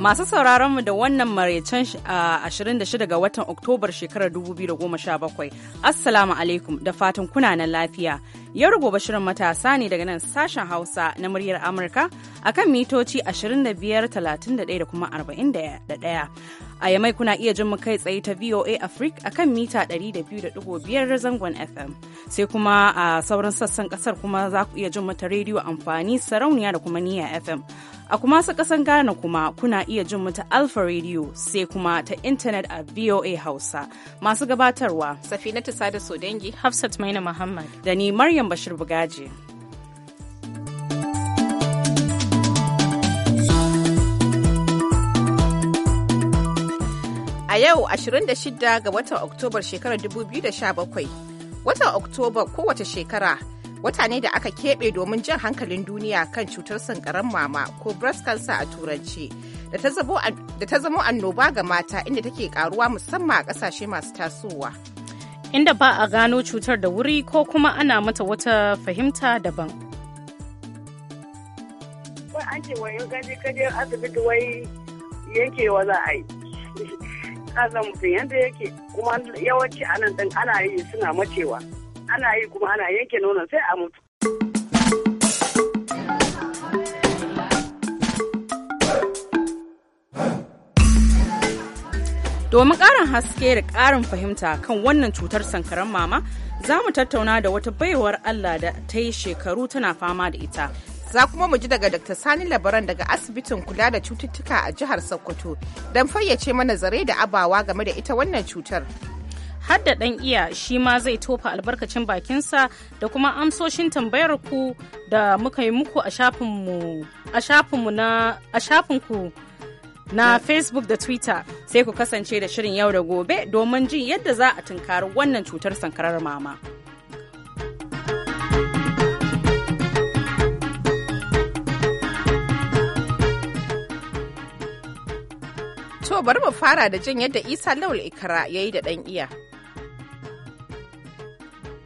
Masu sauraronmu da wannan maraicen 26 ga watan Oktobar shekarar 2017. Assalamu alaikum da fatan kuna nan lafiya. Yau gobe shirin matasa ne daga nan sashen Hausa na muryar Amurka akan mitoci 25, 31 da kuma 41. A yamai kuna iya jin mu kai tsaye ta VOA Africa akan mita 200.5 zangon FM. Sai kuma a sauran sassan kasar kuma za ku iya jin mata rediyo amfani sarauniya da kuma niyya FM. A kuma su kasan Ghana kuma kuna iya jin mu ta Alpha Radio sai kuma ta intanet a VOA Hausa. Masu gabatarwa. Safinatu Sada Sodengi, Hafsat Maina Muhammad. Da ni Maryam Bashir Bugaje. A yau 26 ga watan Oktobar shekarar 2017, watan Oktoba kowace shekara wata ne da aka keɓe domin jan hankalin duniya kan cutar sankaran mama ko breast cancer a turanci da ta zamo annoba ga mata inda take karuwa musamman a kasashe masu tasowa inda ba a gano cutar da wuri ko kuma ana mata wata fahimta daban mutum yadda yake kuma yawanci anan ɗin ana yi suna macewa ana yi kuma ana yanke nonon sai a mutu Domin ƙarin haske da ƙarin fahimta kan wannan cutar sankaran mama, za mu tattauna da wata baiwar Allah da ta yi shekaru tana fama da ita. Za kuma mu ji daga Dr. Sani Labaran daga asibitin kula da cututtuka a jihar Sokoto don fayyace mana zare da abawa game da ita wannan cutar. har da ɗan iya shi ma zai tofa albarkacin bakinsa da kuma amsoshin tambayar ku da muka yi muku a shafinmu shafinku na facebook da twitter sai ku kasance da shirin yau da gobe domin jin yadda za a tunkari wannan cutar sankarar mama. To bari mu fara da jin yadda Isa Lawal Ikara ya yi da ɗan iya.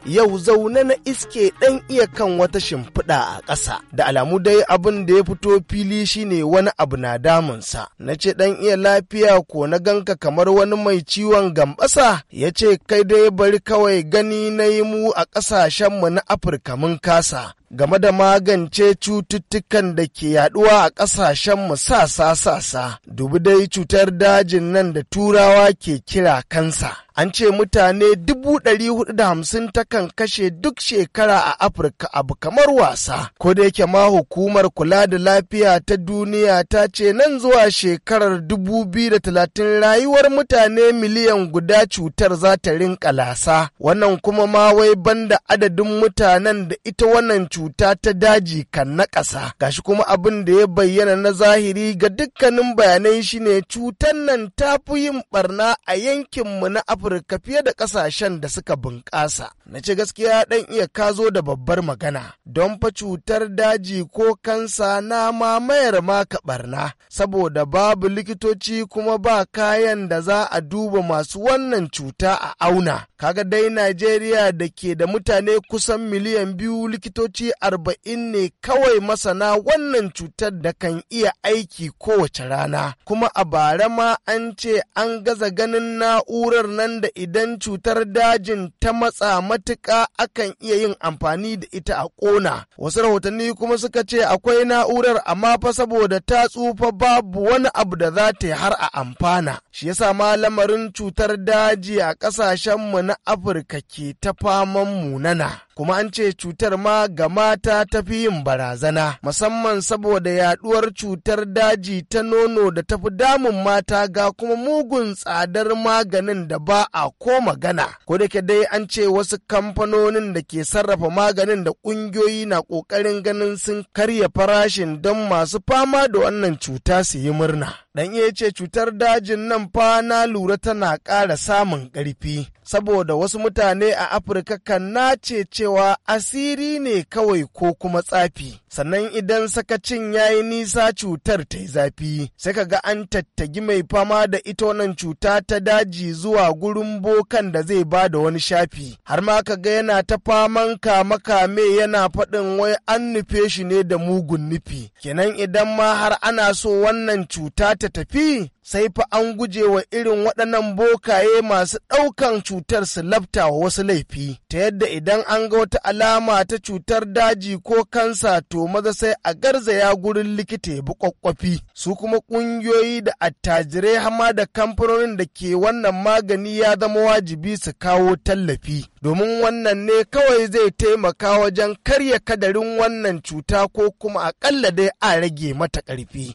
yau zaune na iske ɗan iya kan wata shimfiɗa a ƙasa da alamu dai abin da ya fito fili shine wani abu na damunsa na ce ɗan iya lafiya ko na ganka kamar wani mai ciwon gambasa ya ce kai dai bari kawai gani na yi mu a ƙasashenmu na afirka mun kasa game da magance cututtukan da ke yaduwa a ƙasashenmu sasa-sasa dubi dai cutar dajin nan da turawa ke kira kansa an ce mutane dubu ɗari hudu da hamsin takan kashe duk shekara a afirka abu kamar wasa ko da yake ma hukumar kula da lafiya ta duniya ta ce nan zuwa shekarar dubu biyu da talatin rayuwar mutane miliyan guda cutar za ta rinka lasa wannan kuma ma wai banda adadin mutanen da ita wannan cuta ta daji kan na ƙasa gashi kuma abin da ya bayyana na zahiri ga dukkanin bayanai shine cutar nan ta fi yin barna a yankinmu na afirka afirka fiye da kasashen da suka bunƙasa na ce gaskiya ɗan iya kazo da babbar magana don fa cutar daji ko kansa na mamayar maka barna saboda babu likitoci kuma ba kayan da za a duba masu wannan cuta a auna kaga dai najeriya da ke da mutane kusan miliyan biyu likitoci arba'in ne kawai masana wannan cutar da kan iya aiki kowace rana kuma a bara ma an ce an gaza ganin na'urar nan wanda idan cutar dajin ta matsa matuƙa akan iya yin amfani da ita a ƙona. Wasu rahotanni kuma suka ce akwai na'urar amma fa saboda ta tsufa babu wani abu da za ta yi har a amfana. Shi yasa ma lamarin cutar daji a ƙasashenmu na Afirka ke ta faman munana. kuma an ce cutar ma ga mata ta fi yin barazana musamman saboda yaduwar cutar daji ta nono da tafi damun mata ga kuma mugun tsadar maganin da ba a ko magana ko da dai an ce wasu kamfanonin da ke sarrafa maganin da kungiyoyi na kokarin ganin sun karya farashin don masu fama da wannan cuta su yi murna dan iya ce cutar dajin nan fa na lura tana ƙara samun ƙarfi saboda wasu mutane a Afirka kan nace cewa asiri ne kawai ko kuma tsafi. Sannan idan sakacin ya yi nisa cutar ta yi zafi, sai ka ga an tattagi mai fama da ita wannan cuta ta daji zuwa gurin bokan da zai ba da wani shafi. Har ma ka ga yana ta faman kame-kame yana faɗin wai an nufe shi ne da mugun nufi. Kenan idan ma har ana so wannan cuta ta tafi, sai fa an guje wa irin waɗannan bokaye masu ɗaukan cutar su labta wa wasu laifi, ta yadda idan an ga wata alama ta cutar daji ko kansa to maza sai a garza ya gurin likita ya bukwakwafi, su kuma ƙungiyoyi da attajirai hama da kamfanonin da ke wannan magani ya zama wajibi su kawo tallafi. Domin wannan ne kawai zai taimaka wajen karya kadarin wannan cuta ko kuma aƙalla dai a rage mata ƙarfi.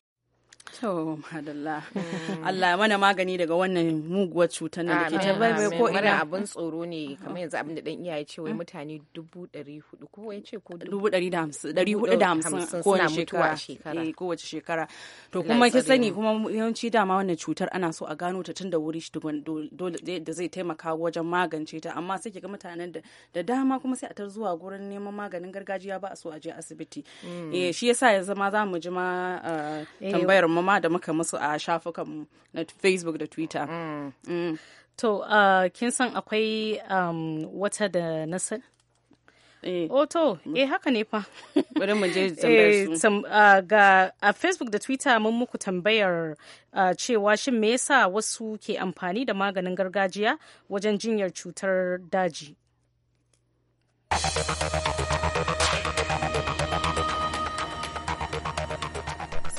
madalla. Mm. Allah mana magani daga wannan muguwar cutar da ke ta bai ko ina abin tsoro ne kamar yanzu abin da dan iyaye ce wai mutane dubu ɗari hudu ko wai ce ko dubu ɗari da hamsin ɗari hudu da hamsin kowace shekara eh, kowace shekara to kuma ki sani kuma yawanci dama wannan cutar ana so a gano ta tun da wuri shi dole da zai taimaka wajen magance ta amma sai ki ga mutanen da dama kuma sai a tar zuwa gurin neman maganin gargajiya ba a so a je asibiti mm. eh, shi yasa ya zama za mu ji ma ah, eh, tambayar mu kuma ma da muka musu a shafukan na facebook da twitter mm. Mm. to uh, kin san akwai um, wata da nasar Eh. Oh, Oto, eh haka ne fa. Bari mu je tambayar eh, su. Uh, ga a uh, Facebook da Twitter mun muku tambayar uh, cewa shin me yasa wasu ke amfani da maganin gargajiya wajen jinyar cutar daji.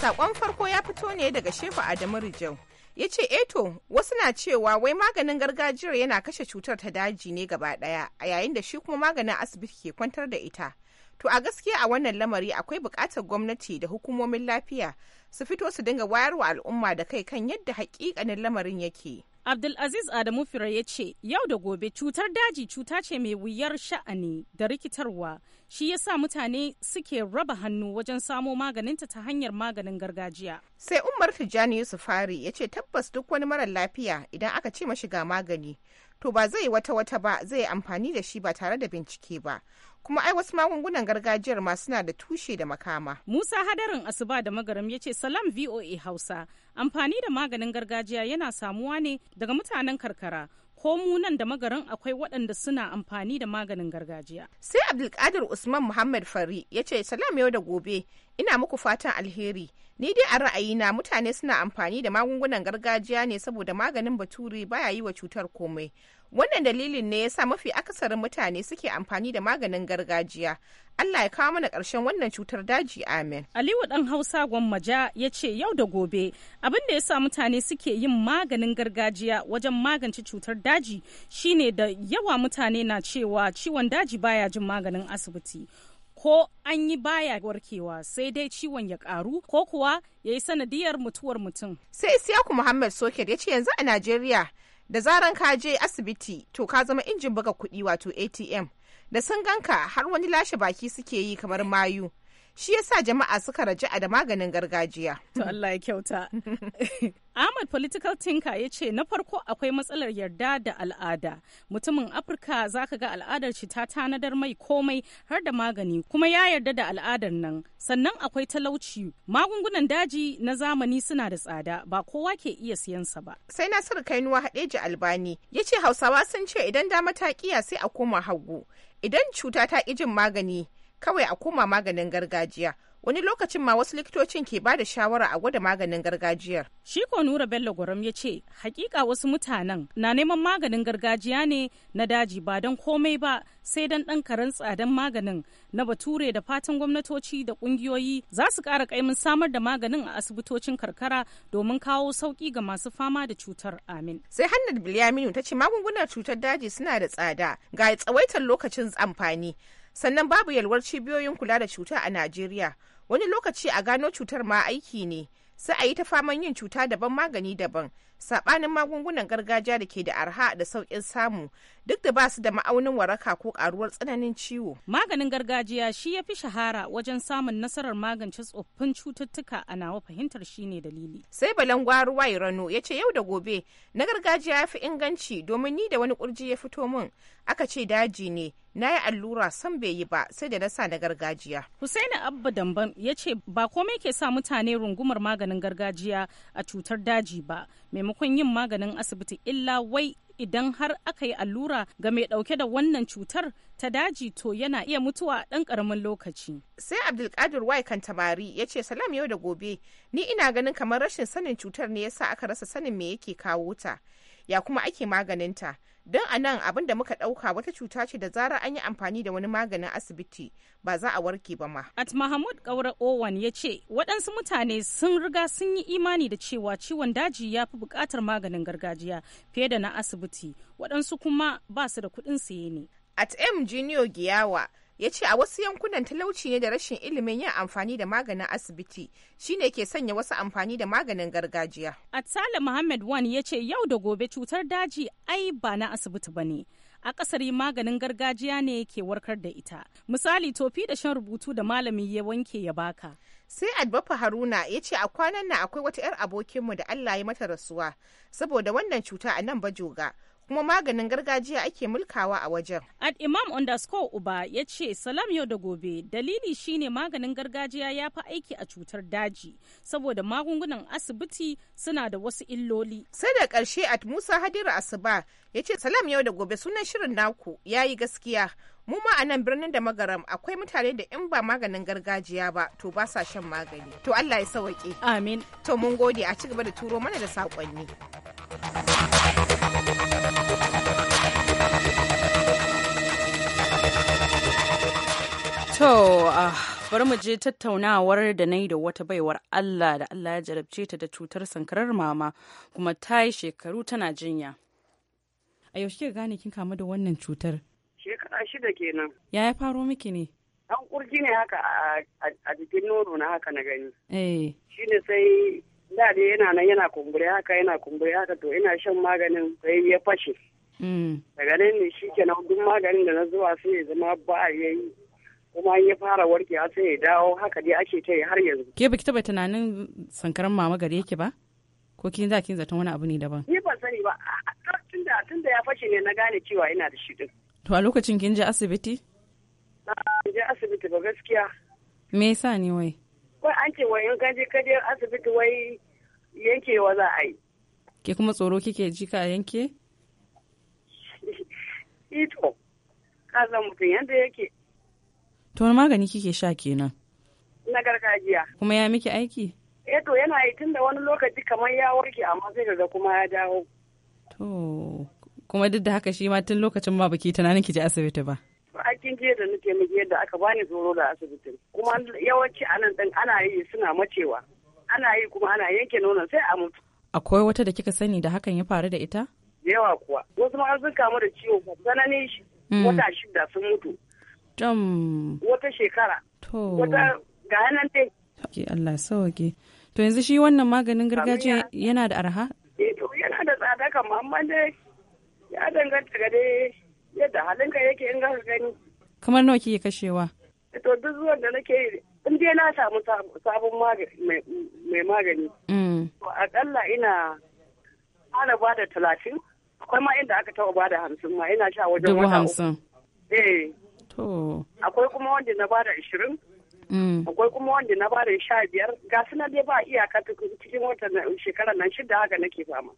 Sakon farko ya fito ne daga Shehu Adamu Rijau. Ya ce, Eto, eh wasu na cewa wai maganin gargajiyar yana kashe cutar ta daji ne gaba daya a yayin da shi kuma maganin asibiti ke kwantar da ita. To a gaskiya a wannan lamari akwai bukatar gwamnati da hukumomin lafiya su fito su dinga wayarwa al'umma da kai kan yadda haƙiƙanin lamarin yake. Abdulaziz Adamu Fira ya ce yau da gobe cutar daji cuta ce mai wuyar sha'ani da rikitarwa shi ya sa mutane suke raba hannu wajen samo maganinta ta hanyar maganin gargajiya. Sai Umar Tijjani Yusufari ya ce tabbas duk wani marar lafiya idan aka ce mashi ga magani to ba zai wata-wata ba zai amfani da shi ba tare da bincike ba kuma ai wasu magungunan gargajiyar ma suna da tushe da makama. Musa Hadarin Asuba da Magaram ya ce Salam VOA Hausa amfani da maganin gargajiya yana samuwa ne daga mutanen karkara ko mu nan da magarin akwai waɗanda suna amfani da maganin gargajiya. Sai Abdulkadir Usman Muhammad Fari ya ce salam yau da gobe ina muku fatan alheri Ni dai a ra'ayina mutane suna amfani da magungunan gargajiya ne saboda maganin baturi baya yi wa cutar komai. Wannan dalilin ne yasa mafi akasarin mutane suke amfani da maganin gargajiya. Allah ya kawo mana ƙarshen wannan cutar daji amen. Aliyu dan Hausa Gwammaja ya ce yau da gobe abin da yasa mutane suke yin maganin gargajiya wajen magance cutar daji shine da yawa mutane na cewa ciwon daji baya jin maganin asibiti. ko an yi baya warkewa sai dai ciwon ya karu ko kuwa ya yi sanadiyar mutuwar mutum. Sai Isiyaku Muhammad Soker ya ce yanzu a Najeriya da zaran ka je asibiti to ka zama injin buga kuɗi wato ATM da sun ganka har wani lashe baki suke yi kamar mayu. shi yasa jama'a suka a da maganin gargajiya. To Allah ya kyauta. Ahmad Political Thinker ya ce na farko akwai matsalar yarda da al'ada. Mutumin Afirka za ka ga al'adar shi ta tanadar mai komai har da magani kuma ya yarda da al'adar nan. Sannan akwai talauci. Magungunan daji na zamani suna da tsada ba kowa ke iya siyan sa ba. Sai Nasir Kainuwa Hadeji Albani ya ce Hausawa sun ce idan dama ta kiya sai a koma hagu. Idan cuta ta ki jin magani kawai a koma maganin gargajiya wani lokacin ma wasu likitocin ke ba da shawara a gwada maganin gargajiyar. Shi ko Nura Bello Gwaram ya ce, hakika wasu mutanen na neman maganin gargajiya ne na daji ba don komai ba sai don ɗan karen tsadan maganin na bature da fatan gwamnatoci da ƙungiyoyi za su ƙara ƙaimin samar da maganin a asibitocin karkara domin kawo sauƙi ga masu fama da cutar amin. Sai hannun Bilyaminu ta ce magungunan cutar daji suna da tsada ga tsawaitar lokacin amfani. sannan babu yalwar cibiyoyin kula da cuta a najeriya wani lokaci a gano cutar ma aiki ne sai a yi ta faman yin cuta daban magani daban sabanin magungunan gargajiya da ke da arha da sauƙin samu duk da ba su da ma'aunin waraka ko karuwar tsananin ciwo. Maganin gargajiya shi ya fi shahara wajen samun nasarar magance tsoffin cututtuka a nawa fahimtar shi ne dalili. Sai balan gwaruwa ya rano ya ce yau da gobe na gargajiya ya fi inganci domin ni da wani kurji ya fito min aka ce daji ne na yi allura san bai yi ba sai da na sa na gargajiya. Husaini Abba Damban ya ce ba komai ke sa mutane rungumar maganin gargajiya a cutar daji ba maimakon maimakon yin maganin asibiti illa wai idan har aka yi allura ga mai dauke da wannan cutar ta daji to yana iya mutuwa a ɗan ƙaramin lokaci. Sai Abdulkadir Wai Kantamari ya ce salam yau da gobe ni ina ganin kamar rashin sanin cutar ne yasa aka rasa sanin me yake kawo ta. ya kuma ake maganinta don a nan abin da muka ɗauka wata cuta ce da zarar an yi amfani da wani maganin asibiti ba za a warke ba ma. At Mahmud Kaura Owan ya ce waɗansu mutane sun riga sun yi imani da cewa ciwon daji ya fi buƙatar maganin gargajiya fiye da na asibiti waɗansu kuma ba su da kuɗin saye ne. At M Junior Giyawa ya ce a wasu yankunan talauci ne da rashin ilimin yin amfani da maganin asibiti shine ke sanya wasu amfani da maganin gargajiya. Atsala Muhammad Wan ya ce yau da gobe cutar daji ai ba na asibiti ba ne. a kasari maganin gargajiya ne ke warkar da ita misali tofi da shan rubutu da malami ya wanke ya baka sai adbafa haruna ya ce a kwanan nan akwai wata 'yar abokinmu da allah ya mata rasuwa saboda wannan cuta a nan bajoga kuma maganin gargajiya ake mulkawa a wajen. At Imam underscore Uba ya ce salam yau da gobe dalili shine maganin gargajiya ya fi aiki a cutar daji saboda magungunan asibiti suna da wasu illoli. Sai da ƙarshe at Musa Hadiru Asuba ya ce salam yau da gobe sunan shirin naku ya yi gaskiya. Mu ma a nan birnin da magaram akwai mutane da in ba maganin gargajiya ba to ba sa shan magani. To Allah ya sawaƙe. Amin. To mun gode a ci gaba da turo mana da saƙonni. To, ah, bari mu je tattaunawar da na yi da wata baiwar Allah da Allah ya jarabce ta da cutar sankarar mama kuma ta yi shekaru tana jinya. A yaushe kika gane kin kamu da wannan cutar? Shekara shida kenan. Ya ya faro miki ne? An kurji ne haka a jikin nono na haka na gani. Eh. Shi ne sai da dai yana nan yana kumbure haka yana kumbure haka to ina shan maganin sai ya fashe. Mm. Daga nan ne shi kenan duk maganin da na zuwa sai ya zama ba a yayi. kuma an ya fara a sai ya dawo haka dai ake ta har yanzu ke baki taba tunanin sankaran mama gari yake ba ko kin za kin zaton wani abu ne daban ni ban sani ba tunda tunda ya fashe ne na gane cewa ina da shi din to a lokacin kin je asibiti na je asibiti ba gaskiya me yasa ne wai wai an ce wai in ka je ka je asibiti wai yankewa za a yi ke kuma tsoro kike ji ka yanke ito ka mutum yadda yake To wani magani kike sha kenan? Na gargajiya. Kuma ya miki aiki? Eh to yana yi tun da wani lokaci kamar ya warke amma sai daga kuma ya dawo. To kuma duk da haka shi ma tun lokacin ma baki tunanin ki je asibiti ba. Akin jiya da nake miki yadda aka bani tsoro da asibitin. Kuma yawanci anan din ana yi suna macewa. Ana yi kuma ana yanke nonon sai a mutu. Akwai wata da kika sani da hakan ya faru da ita? Yawa kuwa. Wasu ma sun kamu da ciwo sanani hmm. wata shida sun mutu. Wata shekara. Wata ga nan dai. Ki Allah sauke. To yanzu shi wannan maganin gargajiya yana da arha? Eh to yana da tsada kan amma dai ya danganta ga dai yadda halinka yake in ga gani. Kamar nawa kike kashewa? Eh, to duk zuwan da nake yi in dai na samu sabon mai magani. Mm. To akalla ina ana ba da talatin akwai ma inda aka taɓa ba da hamsin ma ina sha wajen wata uku. Eh Akwai kuma wanda na bada ashirin. Mm. Akwai kuma wanda na bada sha biyar. Ga su na dai ba iyaka cikin watan shekarar nan shida haka nake fama.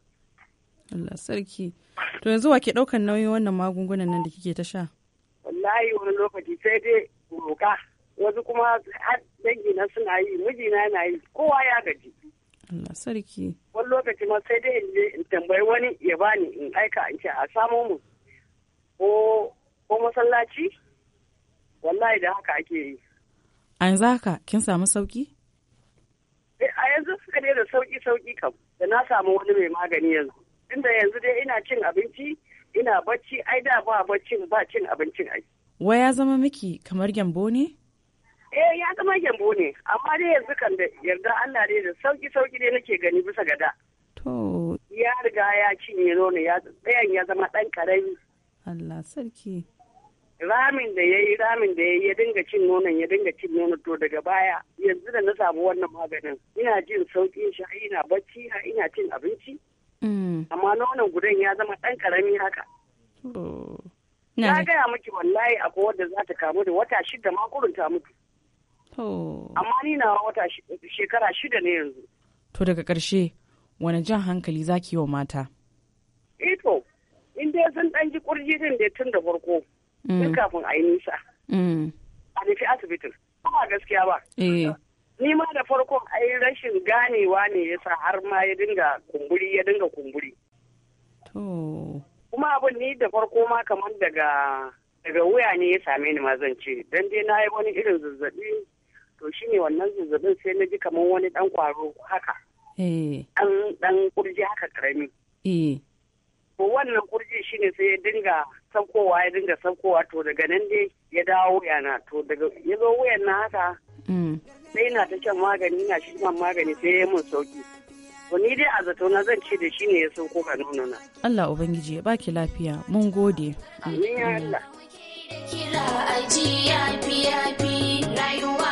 Allah sarki. To yanzu wa ke ɗaukan nauyin wannan magungunan nan da kike ta sha? Wallahi wani lokaci sai dai roƙa. Wasu kuma dangi na suna yi, mijina na yi, kowa ya gaji. Allah sarki. Wani lokaci ma sai dai in tambayi wani ya bani in aika in ce a samu mu. Ko ko masallaci wallahi da haka ake yi a yanzu haka kin samu sauki eh, a yanzu suka ne da sauki sauki kam da na samu wani mai magani yanzu Inda yanzu dai ina cin abinci ina bacci ai da ba bacci ba cin abincin ai wai ya zama miki kamar gyambo ne eh ya zama gyambo ne amma dai yanzu kan da yarda Allah dai da sauki sauki dai nake gani bisa gada. to ya riga ya cinye nono ya tsayan ya zama dan karami Allah sarki ramin da ya yi ramin da ya yi ya dinga cin nonon ya dinga cin nonon to daga baya yanzu da na samu wannan maganin ina jin sauƙin shi ina bacci ina cin abinci mm. amma nonon gudan ya zama ɗan ƙarami haka na gaya miki wallahi a wadda za ta kamu da wata shida ma ta mutu amma ni na wata shekara shida ne yanzu to daga ƙarshe wani jan hankali za ki yi wa mata ito eh in dai sun ɗan ji kurji din da tun da farko duk mm. kafin a yi nisa mm. a nufi asibitin ba gaskiya ba eh. ni ma da farko ai rashin ganewa ne ya sa har ma ya dinga kumburi ya dinga kumburi kuma abin ni da farko ma kamar daga daga wuya ne ya same ni ma zan ce dan dai na yi wani irin zazzabi to shi ne wannan zazzabin sai na ji kamar wani dan kwaro haka dan eh. dan kurji haka karami eh. to wannan kurji shine sai ya dinga sankowa ya dinga saukowa to daga nan dai ya dawo wuyana to daga ya wuyan na haka mm. sai na ta shan magani na shi man magani sai ya mun sauki to ni dai a zato na zan ce da shi ne ya sauko ka nono na Allah ubangiji ya baki lafiya mun gode amin ya Allah kira rayuwa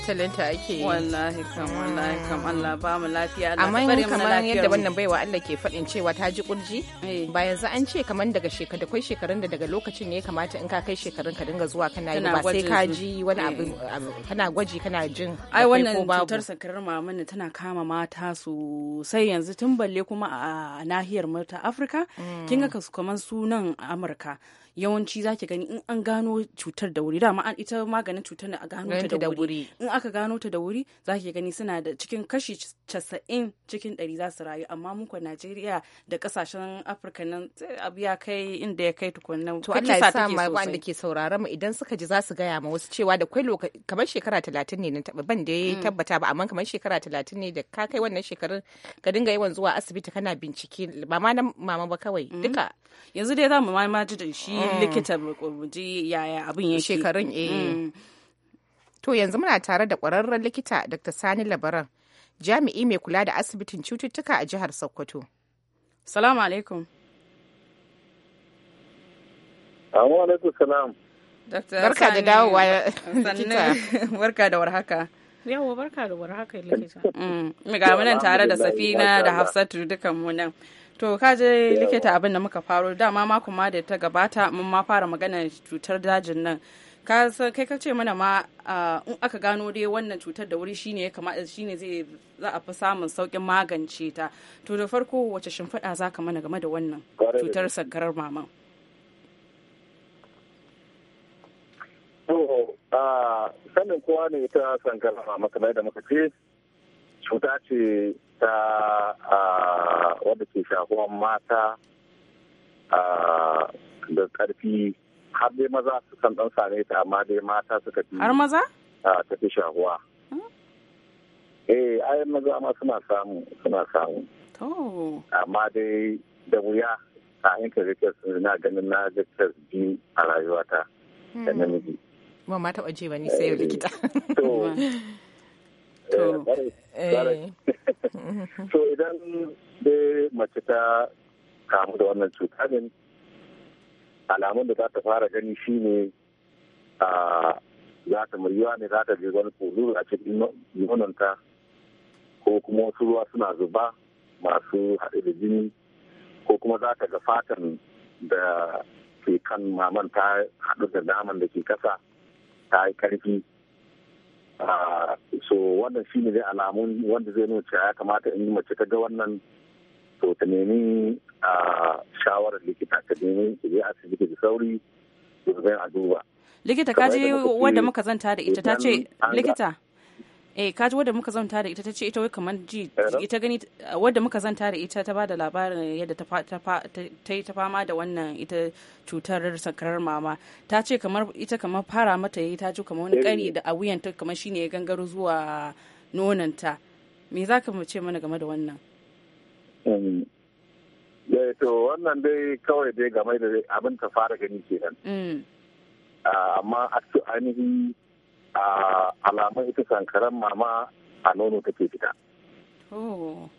talenta ake yi wallahi kam wallahi kam Allah ba mu lafiya Allah amma kamar yadda wannan baiwa Allah ke faɗin cewa ta ji kurji eh. ba yanzu an ce kamar daga shekaru da kai shekarun da daga lokacin ne ya kamata in ka kai shekarun ka dinga zuwa kana yi ba sai ka ji wani eh. abu kana gwaji kana jin ai wannan cutar sankarar mamani tana kama mata sosai yanzu tun balle kuma a nahiyar mu ta Afirka mm. kin ga kasu kamar sunan Amurka yawanci zaki gani in an gano cutar da wuri dama ita maganin cutar da a gano ta da wuri in aka gano ta da wuri zaki gani suna da cikin kashi casa'in cikin ɗari za su rayu amma muku Najeriya da kasashen Afirka nan abu ya kai inda ya kai tukunan. To Allah ya sa ma wanda ke saurara mu idan suka ji za su gaya ma wasu cewa da kwai lokaci kamar shekara talatin ne na taɓa ban da ya mm. tabbata ba amma kamar shekara talatin ne da ka kai wannan shekarun ka dinga yawan zuwa asibiti kana bincike ba ma na mama ba kawai mm. duka. Yanzu dai za mu ma ji da shi mm. likita mu ji yaya abin yake. Shekarun eh. To yanzu muna tare da ƙwararren likita Dr. Sani Labaran. jami'i mai kula da asibitin cututtuka a jihar sokoto salamu alaikum salamu alaikum salam barka da dawowa barka da warhaka yawo barka da warhaka likita mm, mu ga nan tare da safina da hafsatu dukan mu nan to ka je likita abin da muka faro dama makon ma da ta gabata mun ma fara magana cutar dajin nan ka kai ka ce mana ma in aka gano dai wannan cutar da wuri shine ya kamata shine zai za a fi samun saukin magance ta to da farko wace shimfiɗa za ka mana game da wannan cutar sankarar mama sanin kowa ne ta sankarar mama kamar da muka ce cuta ce ta wadda ke shafuwan mata da ƙarfi har dai maza su kan dan same ta amma dai mata suka fi har maza a tafi shahuwa hmm? eh ai maza ma suna samu suna samu to amma dai da wuya a in ka rike sun na ganin na ga biyu a rayuwata da hmm. namiji ba ma taɓa ji ba ni sai likita eh, to hmm. eh, eh. to idan dai mace ta kamu da wannan cuta ne alamun da za ta fara gani ne a za ta muryawa ne za ta je wani kulu a cikin nononta ko kuma wasu ruwa suna zuba masu haɗe da jini ko kuma za ta ga fatan da ke kan maman ta haɗu da naman da ke kasa ta yi ƙarfi so wannan shi ne dai alamun wanda zai nuna cewa ya kamata in yi mace ta ga wannan to ta nemi a shawarar likita ta nemi ta je asibiti da sauri domin a duba likita kaji wadda muka zanta da ita ta ce likita eh kaji wadda muka zanta da ita ta ce ita wai kamar ji eh, ita gani wadda muka zanta da ita ta bada labarin yadda ta yi ta fama da wannan ita cutar sankarar mama ta ce kamar ita kamar fara mata yi ta ji kamar wani kari eh. da a wuyanta kamar shine ya gangaro zuwa nonanta me za ka ce mana game da wannan Mm. Eh, to wannan dai kawai dai game da abin ta fara gani kenan mm. ah, amma a ainihin ah, alamun ita sankaran mama a nono take fita oh.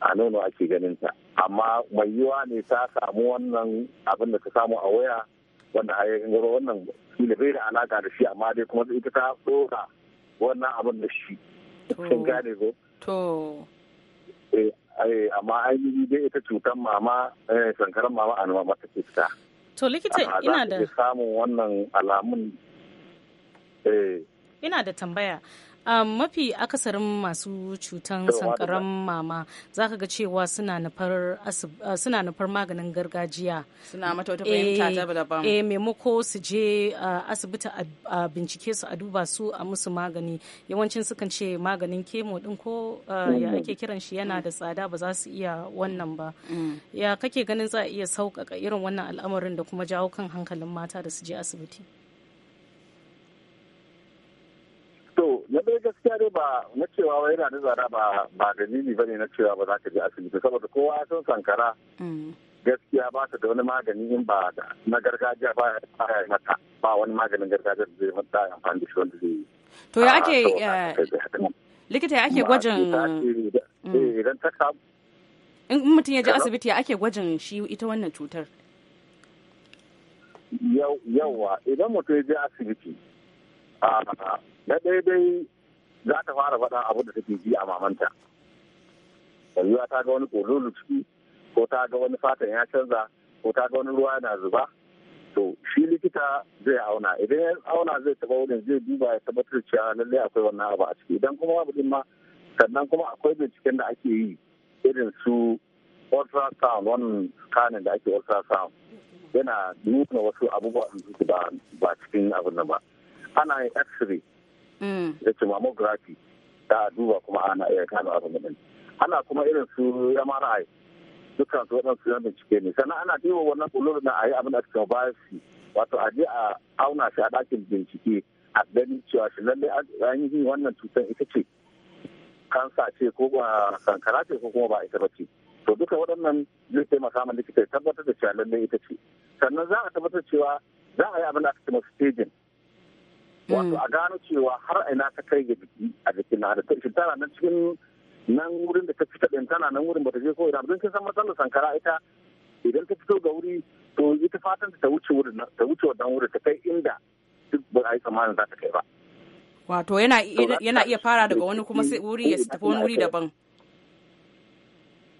a nono ake ganin ta amma mai yiwa ne ta samu wannan abin da ta samu a waya wanda a yi gaba wannan ne bai da alaka da shi amma dai kuma ita ta dora wannan abin da shi sun gane ko to eh, Eh, amma ainihi dai ita cutar mama eh, sankarar mama a nama mata fita. To likita ina da samun wannan alamun. Eh. Ina da tambaya. mafi akasarin masu cutan sankaran mama za ka ga cewa suna nufar maganin gargajiya suna mata wata fahimta ta eh, daban eh maimako su je asibiti a bincike su a duba su a musu magani yawancin sukan ce maganin kemo din ko ya ake kiran shi yana da tsada ba za su iya wannan ba mm. ya kake ganin za a iya sauƙaƙa irin wannan al'amarin da kuma jawo kan hankalin mata da su je asibiti gaskiya dai ba na cewa wai yana da ba ba dalili bane na cewa ba za ka je asibiti saboda kowa sun sankara mm. gaskiya ba ta da wani magani in ba na gargajiya ba ya mata ba wani maganin gargajiya da zai mata amfani da shi wanda zai yi. To ya ake likita ya ake gwajin mm. eh, idan ta samu in mutum ya je asibiti ya ake gwajin shi ita wannan cutar. Yawwa idan mutum ya je asibiti na daidai za ta fara faɗa abu da take ji a mamanta rayuwa ta ga wani ƙololu ciki ko ta ga wani fatan ya canza ko ta ga wani ruwa yana zuba to shi likita zai auna idan ya auna zai taɓa wurin zai duba ya tabbatar cewa lallai akwai wannan abu a ciki idan kuma din ma sannan kuma akwai binciken da ake yi irin su ultrasound wannan scanning da ake ultrasound yana nuna wasu abubuwa da ba cikin abin nan ba ana yin x-ray da mm. mammography ta duba kuma ana iya kano abin ana kuma irin su mri dukkan su waɗansu na bincike ne sannan ana duba wannan bulur na a yi abin da ake biopsy wato a je a auna shi a dakin bincike a ganin cewa shi lalle an yi wannan cutar ita ce kansa ce ko ba kankara ce ko kuma ba ita ba ce to duka waɗannan zai taimaka ma likita ya tabbatar da cewa lalle ita ce sannan za a tabbatar cewa za a yi abin da ake ce staging wato mm. a gano cewa har ina ta kai ga jiki a jikin na da shi tana nan cikin nan wurin da ta fita din tana nan wurin bata je ko ina don kin san matsalar sankara ita idan ta fito ga wuri to ita fatan ta wuce wurin ta wuce wannan wurin ta kai inda duk ba a yi tsammanin za ta kai ba wato yana yana iya fara daga wani kuma sai wuri ya tafi wani wuri daban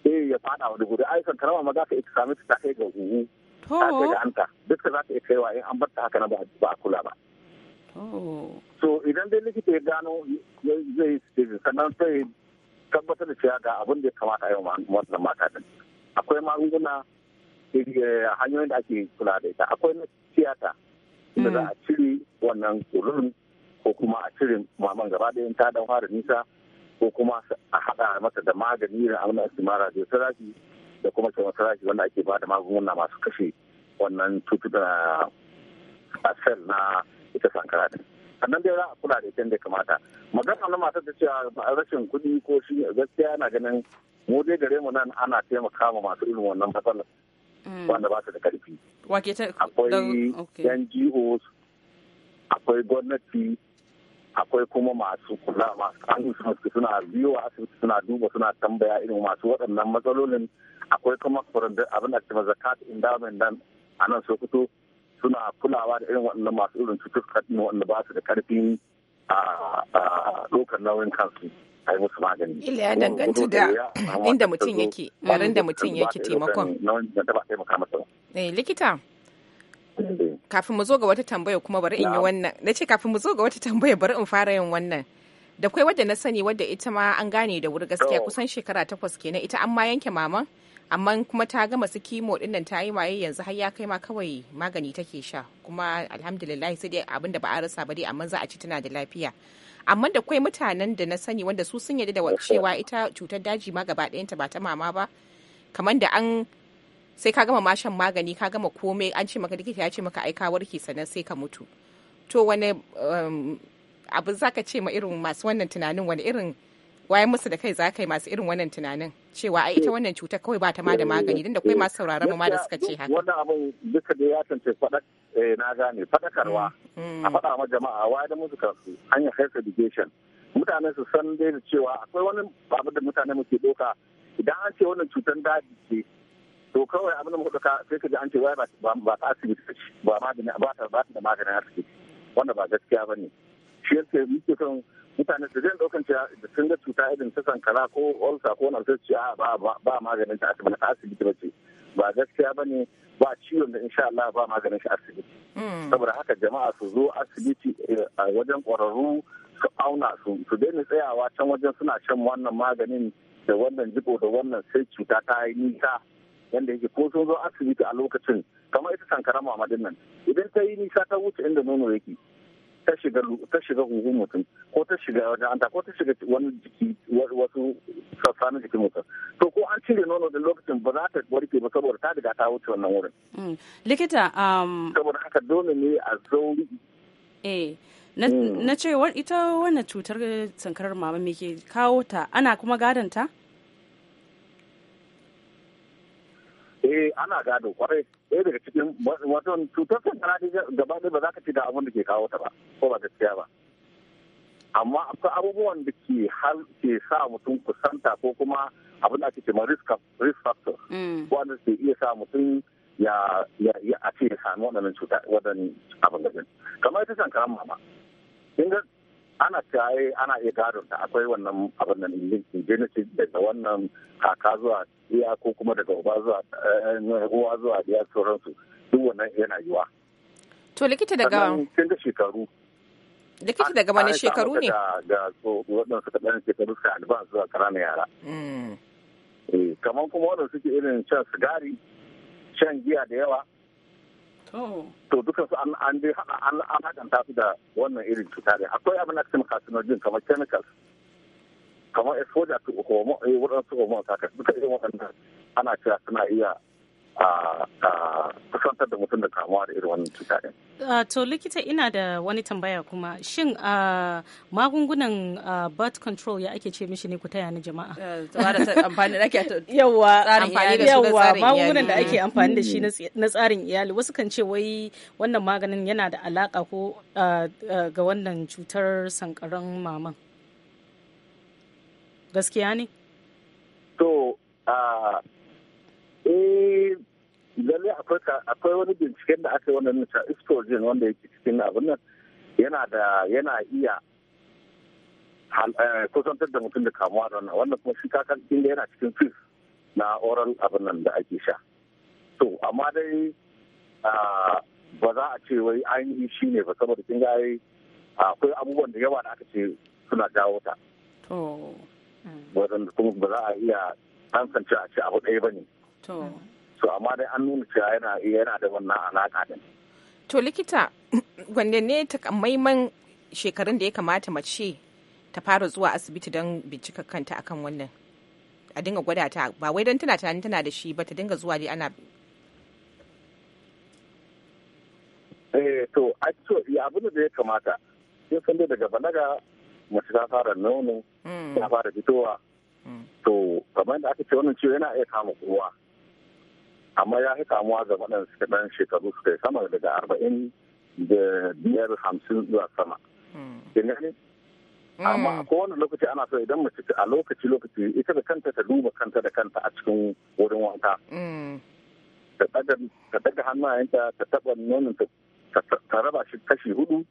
eh ya fada wani wuri ai sankara ma za ka ita sami ta kai ga huhu to kai ga hanta duka za ta iya kaiwa in an bar ta haka na ba a kula ba Oh. so idan dai likita ya gano zai sannan sai tabbatar da cewa ga abin da ya kamata yau wannan mata din akwai magunguna eh, hanyoyin da ake kula da ita akwai na tiyata da za a mm. cire wannan kururin ko kuma a cire maman gaba da ta dan fara nisa ko kuma a haɗa mata da magani da amina simara da tarafi da kuma chemotherapy wanda ake ba da magunguna masu kashe wannan cututtuka a sel na ita sankara din sannan dai za a kula da ita da kamata magana na matar ta cewa rashin kuɗi ko shi gaskiya yana ganin mu dai gare mu nan ana taimaka ma masu irin wannan matsalar mm. wanda ba su da karfi akwai yan NGOs akwai gwamnati akwai kuma masu kula masu suna biyo asibiti suna duba suna tambaya irin masu waɗannan matsalolin akwai kuma abin da ke zakat endowment a nan sokoto suna kulawa da irin waɗannan masu irin cututtuka din waɗanda ba su da karfin a ɗaukar nauyin kansu a yi musu magani. Ila ya danganta da inda mutum yake, garin da mutum yake taimakon. Eh likita. Eh. Kafin mu zo ga wata tambaya kuma bari in yi wannan. Na ce kafin mu zo ga wata tambaya bari in fara yin wannan. da kai wadda na sani wadda ita ma an gane da wuri gaskiya kusan shekara takwas kenan ita an ma yanke maman amma kuma ta gama su kimo din nan ta yi waye yanzu har ya kai ma kawai magani take sha kuma alhamdulillah sai dai abin da ba a rasa ba dai amma za a ci tana da lafiya amma da kwai mutanen da na sani wanda su sun yarda da cewa ita cutar daji ma gaba ɗayanta ba ta mama ba kamar da an sai ka gama ma shan magani ka gama komai an ce maka likita ya ce maka aika warke sannan sai ka mutu to wani um, abu zaka ce ma irin masu wannan tunanin wani irin waye musu da kai ka yi masu irin wannan tunanin cewa a ita wannan cutar kawai ba ta ma da magani don da kai masu sauraron mu ma da suka ce haka wannan abun duka da ya tance fadak eh, na gane faɗakarwa. Mm, a mm. faɗa ma jama'a waye da musu kansu hanyar health education mutane su san dai da cewa akwai wani babu da mutane muke doka idan an ce wannan cutar daji ce to kawai abin da muka doka sai ka ji an ce wai ba ta asibiti ba magani ba ta da maganin asibiti wanda ba gaskiya ba ne shi yake muke son mutane su zai daukan cewa da sun ga cuta irin ta sankara ko olsa ko narkasci a ba ba maganin ta asibiti asibiti ba ce ba gaskiya ba ne ba ciwon da insha Allah ba maganin shi asibiti hmm. saboda haka jama'a su zo asibiti eh, a wajen kwararru su auna su su daina tsayawa can wajen suna shan wannan maganin da wannan jiko da wannan sai cuta ta yi nisa yanda yake ko sun zo asibiti a lokacin kamar ita sankaran mamadin nan idan ta yi nisa ta wuce inda nono yake ta shiga ta shiga huhun mutum ko ta shiga wajen anta ko ta shiga wani jiki wasu sassa na jikin mutum to ko an cire nono da lokacin ba za ta warke ba saboda ta riga ta wuce wannan wurin mm. likita um, saboda haka dole ne a zauri eh na mm. ce ita wannan cutar eh, sankarar mama me ke kawo ta ana kuma gadon ta eh ana gado kwarai ɗaya daga cikin wato cutar kankara da gaba ɗaya ba za ka ci da abin da ke kawo ta ba ko ba gaskiya ba amma akwai abubuwan da ke hal ke sa mutum kusanta ko kuma abin da ake ce ma risk factor mm. wanda ke iya sa mutum ya a ce ya sami waɗannan cuta waɗannan abin da kamar ita kankara mama in ana tsaye ana iya gadon da akwai wannan abin nan genesis daga wannan kaka zuwa iya ko kuma daga uba zuwa eh, uwa zuwa iya sauransu duk wannan yana yiwa to likita daga kin da shekaru likita daga wani shekaru ne da so waɗanda suka ɗan shekaru sai alba zuwa ƙananan yara mm. eh, kamar kuma waɗanda suke irin shan sigari shan giya da yawa to duka su an haɗanta su da wannan irin cuta ne akwai abin da kuma carcinogen kamar chemicals kamar exposure to hormone eh wadansu hormones haka duka irin waɗannan ana cewa suna iya a kusantar da mutum da kamuwa da irin wannan cuta din. to likita ina da wani tambaya kuma shin magungunan birth control ya ake ce mishi ne ku taya na jama'a eh, yawa yawa magungunan da ake mm. amfani da shi mm. na tsarin iyali wasu kan ce wai wannan maganin yana da alaka ko ga wannan cutar sankaran maman gaskiya ne to eh lalle akwai akwai wani binciken da aka yi wanda nuna estrogen wanda yake cikin abin nan yana da yana iya eh, kusantar da mutum da kamuwa da wannan wannan kuma shi kakan inda yana cikin fis na oral abin nan da ake sha to amma dai ba za a ce wai yi shi ne ba saboda kin gaye akwai abubuwan da yawa da aka ce suna jawo ta wadanda kuma ba za a iya tantance a ce abu ɗaya ba ne to amma dai an nuna cewa yana yana da wannan alaka din to likita wanne ne takamaiman shekarun da ya kamata mace ta fara zuwa asibiti don bincika kanta akan wannan a dinga gwada ta ba wai don tana tunanin tana da shi ba ta dinga zuwa dai ana eh to a to ya abin da ya kamata sai san dai daga balaga mace ta fara nono mm. ta fara fitowa mm. to kamar da aka ce wannan ciwo yana iya kama kowa amma ya fi kamuwa ga waɗanda suka ɗan shekaru suka yi sama daga arba'in da biyar hamsin zuwa sama. Hmm. amma hmm. a kowane lokaci ana so idan mace a lokaci lokaci ita da kanta ta duba kanta da kanta a cikin wurin wanka hmm. ta daga hannayenta ta taba nonin ta raba shi kashi hudu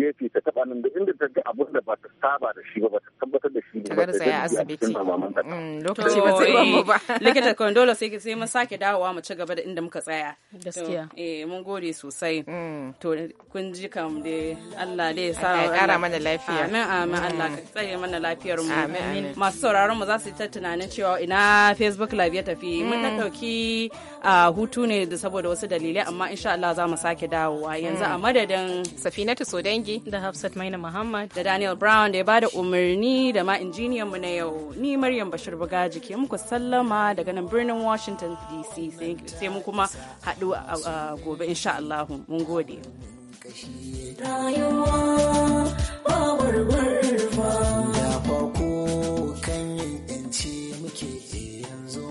gefe ta taba nan da inda ta ga abin da ba ta saba da shi ba ba ta tabbatar da shi ba ta garzaya asibiti mm, lokaci ba sai eh, ba ba likita kondola sai sai mun sake dawowa mu ci gaba da inda muka tsaya gaskiya eh mun gode sosai mm. to kun ji kam da Allah dai ya sa ya kara mana lafiya amin amin mm. Allah ka tsare mana lafiyar mu amin masu sauraron mu za su ta tunanin cewa ina Facebook live ya tafi mun ta dauki a ah, hutu ne saboda wasu dalilai amma insha Allah za mu sake dawowa yanzu a madadin Safinatu dai Dangi da Hafsat Maina Muhammad da Daniel Brown da ya bada umarni da ma injiniyan mu na yau. Ni Maryam Bashir Bugaji ke muku sallama daga nan birnin Washington DC sai mu kuma haɗu gobe insha Allah. Mun gode. Rayuwa ba